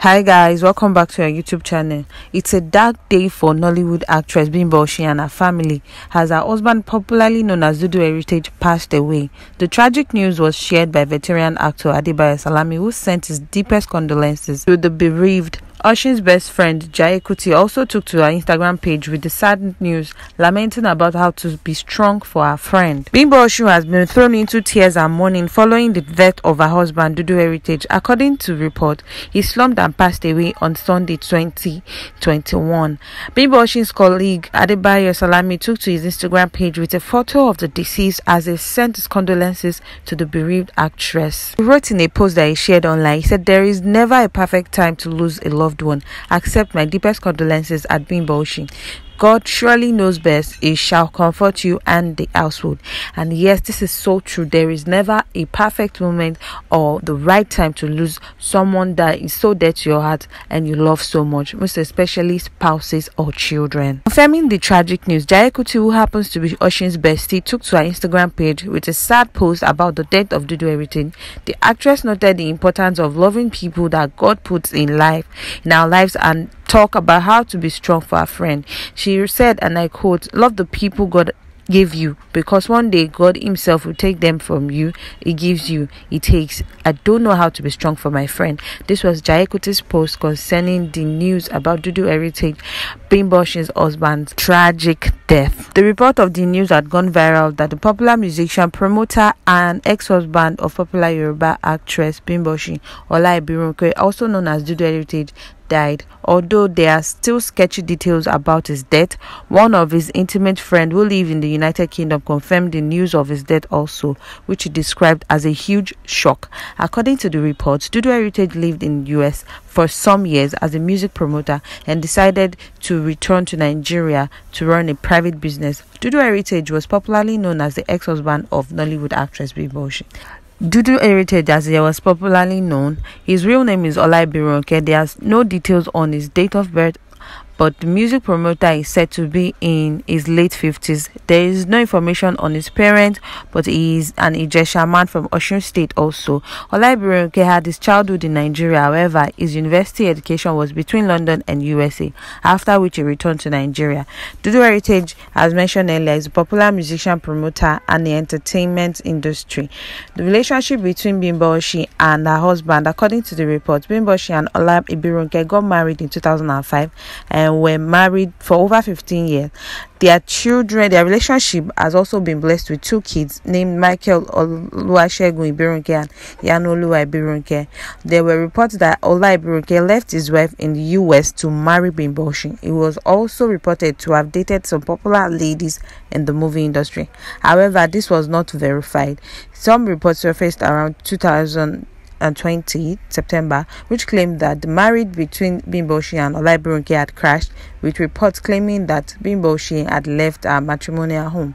Hi guys, welcome back to our YouTube channel. It's a dark day for Nollywood actress Bimbo Oshie and her family as her husband, popularly known as Zudu Heritage, passed away. The tragic news was shared by veteran actor Adebayo Salami who sent his deepest condolences to the bereaved Oshin's best friend Jai Kuti also took to her Instagram page with the sad news, lamenting about how to be strong for her friend. Bimbo Oshin has been thrown into tears and mourning following the death of her husband Dudu Heritage. According to report, he slumped and passed away on Sunday 2021. Bimbo Oshin's colleague Adebayo Salami took to his Instagram page with a photo of the deceased as he sent his condolences to the bereaved actress. He wrote in a post that he shared online, he said, There is never a perfect time to lose a loved loved one. Accept my deepest condolences at Bimboshi. God surely knows best. He shall comfort you and the household. And yes, this is so true. There is never a perfect moment or the right time to lose someone that is so dear to your heart and you love so much, most especially spouses or children. Confirming the tragic news, Jaya Kuti, who happens to be Oshin's bestie, took to her Instagram page with a sad post about the death of Dudu Everything. The actress noted the importance of loving people that God puts in life in our lives and talk about how to be strong for a friend. She said, and I quote, Love the people God gave you because one day God Himself will take them from you. He gives you, He takes. I don't know how to be strong for my friend. This was Jayakuti's post concerning the news about Dudu Heritage Bimboshin's husband's tragic death. The report of the news had gone viral that the popular musician, promoter, and ex husband of popular Yoruba actress Bimboshin Olai Birunke, also known as Dudu Heritage, died. Although there are still sketchy details about his death, one of his intimate friends who live in the United Kingdom confirmed the news of his death also, which he described as a huge shock. According to the report, Dudu Heritage lived in the US for some years as a music promoter and decided to return to Nigeria to run a private business. Dudu Heritage was popularly known as the ex-husband of Nollywood actress Bibi Bush. Dudu Heritage, as he was popularly known, his real name is Olaibiron There are no details on his date of birth but the music promoter is said to be in his late 50s. There is no information on his parents, but he is an Egyptian man from Osun State also. Olaibironke had his childhood in Nigeria, however, his university education was between London and USA, after which he returned to Nigeria. Dudu Heritage, as mentioned earlier, is a popular musician promoter and the entertainment industry. The relationship between Bimbo and her husband, according to the report, Bimbo and Olaibironke got married in 2005 and and were married for over 15 years. Their children, their relationship has also been blessed with two kids named Michael Oluwasegun Ibirunke and Yanoluwa Ibirunke. There were reports that Ola Ibirunke left his wife in the US to marry Bimboshi. He was also reported to have dated some popular ladies in the movie industry. However, this was not verified. Some reports surfaced around 2000 and twenty September, which claimed that the marriage between Bimboshi and Olaiburunke had crashed, with reports claiming that Bimboshi had left her matrimonial home.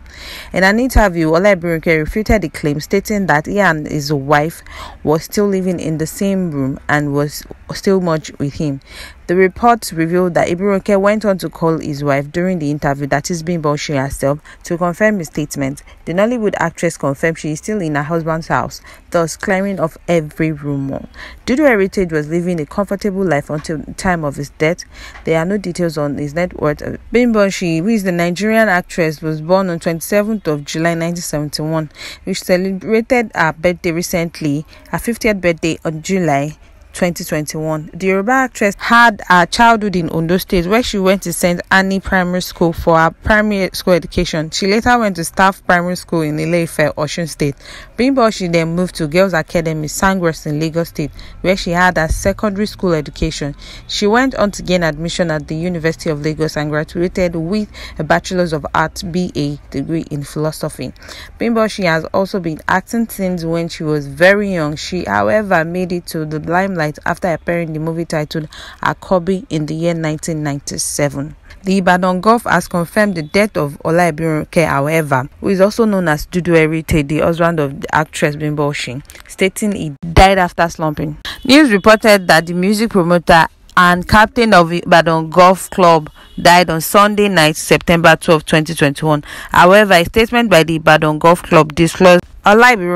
In an interview, Olaiburunke refuted the claim, stating that he and his wife were still living in the same room and was still much with him. The report revealed that Ibiroke went on to call his wife during the interview that is being bullshit herself to confirm his statement. The Nollywood actress confirmed she is still in her husband's house, thus clearing off every rumor. Dudu Heritage was living a comfortable life until the time of his death. There are no details on his net worth. Bimboshi, who is the Nigerian actress, was born on 27th of July 1971, which celebrated her birthday recently, her 50th birthday on July 2021. The Yoruba actress had her childhood in Ondo State, where she went to St. Annie Primary School for her primary school education. She later went to Staff Primary School in Ile-Ife, Osun State. Bimbo, she then moved to Girls Academy, Sangres in Lagos State, where she had her secondary school education. She went on to gain admission at the University of Lagos and graduated with a Bachelor's of Arts BA degree in philosophy. Bimbo, she has also been acting since when she was very young. She, however, made it to the limelight spotlight after appearing in the movie titled Akobi in the year 1997. The Ibadan Gulf has confirmed the death of Olaibirunke, however, who is also known as Dudu Dudueri the husband of the actress Bimbo Oshin, stating he died after slumping. News reported that the music promoter and captain of Ibadan Golf Club died on Sunday night, September 12, 2021. However, a statement by the Ibadan Golf Club disclosed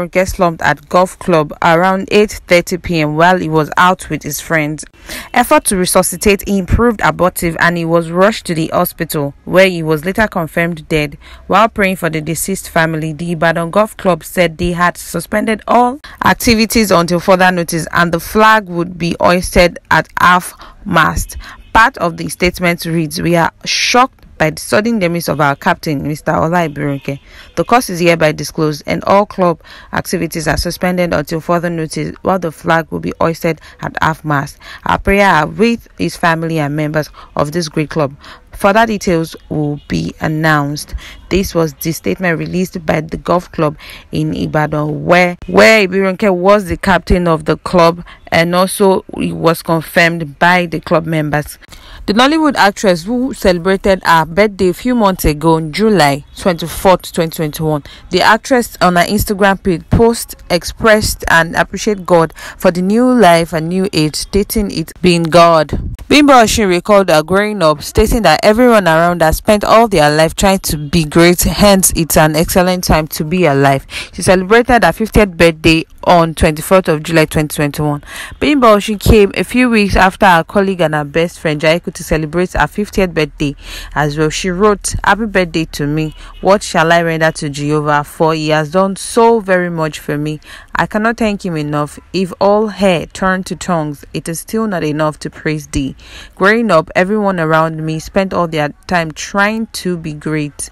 gets slumped at golf club around 8.30 p.m. while he was out with his friends. Effort to resuscitate improved abortive and he was rushed to the hospital where he was later confirmed dead. While praying for the deceased family, the Ibadan Golf Club said they had suspended all activities until further notice and the flag would be hoisted at half mast. Part of the statement reads, We are shocked by the sudden demise of our captain, Mr. Olai Birunke, The cause is hereby disclosed, and all club activities are suspended until further notice while the flag will be hoisted at half mast. Our prayer are with his family and members of this great club. Further details will be announced. This was the statement released by the golf club in Ibadan, where where Ibirunke was the captain of the club, and also it was confirmed by the club members. The Nollywood actress who celebrated her birthday a few months ago on July 24, 2021, the actress on her Instagram page post expressed and appreciate God for the new life and new age, stating it being God. Bimba Oshin recalled her growing up, stating that everyone around us spent all their life trying to be great, hence, it's an excellent time to be alive. She celebrated her 50th birthday on 24th of July 2021. Being she came a few weeks after our colleague and our best friend Jaiku to celebrate her 50th birthday as well. She wrote, Happy birthday to me. What shall I render to Jehovah? For he has done so very much for me. I cannot thank him enough. If all hair turned to tongues, it is still not enough to praise thee. Growing up, everyone around me spent all their time trying to be great.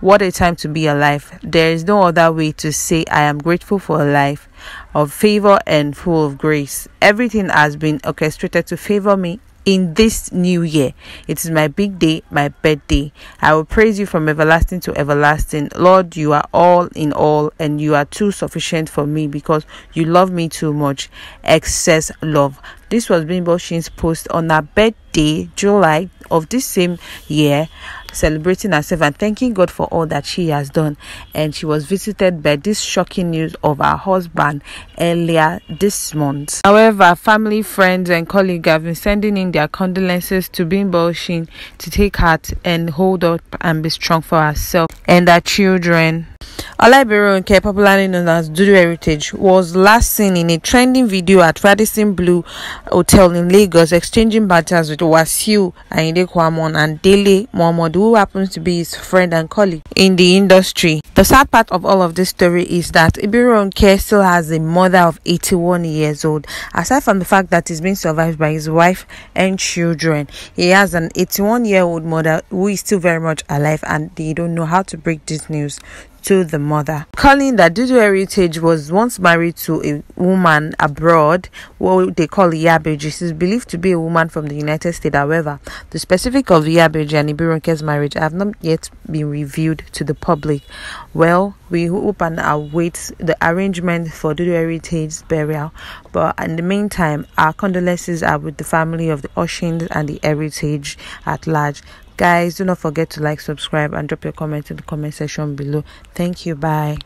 What a time to be alive. There is no other way to say I am grateful for life of favor and full of grace. Everything has been orchestrated to favor me in this new year. It is my big day, my birthday. I will praise you from everlasting to everlasting. Lord, you are all in all, and you are too sufficient for me because you love me too much. Excess love. This was Bimbo Shin's post on her birthday, July of this same year celebrating herself and thanking God for all that she has done. And she was visited by this shocking news of her husband earlier this month. However, family, friends, and colleagues have been sending in their condolences to Bimbo Shin to take heart and hold up and be strong for herself and her children. Alibiran Nke, popularly known as Dudu Heritage, was last seen in a trending video at Radisson Blue Hotel in Lagos, exchanging batters with Wasiu Ayinde Kwamon and Dele Mohammed, who happens to be his friend and colleague in the industry. The sad part of all of this story is that Ibiro Nke still has a mother of 81 years old. Aside from the fact that he's being survived by his wife and children, he has an 81 year old mother who is still very much alive and they don't know how to break this news told the mother. Calling that Dudu Heritage was once married to a woman abroad, what they call Iyabeji. She's believed to be a woman from the United States. However, the specific of Iyabeji and Ibirunke's marriage have not yet been revealed to the public. Well, we hope and await the arrangement for Dudu Heritage's burial. But in the meantime, our condolences are with the family of the Oshins and the Heritage at large. Guys, do not forget to like, subscribe, and drop your comment in the comment section below. Thank you. Bye.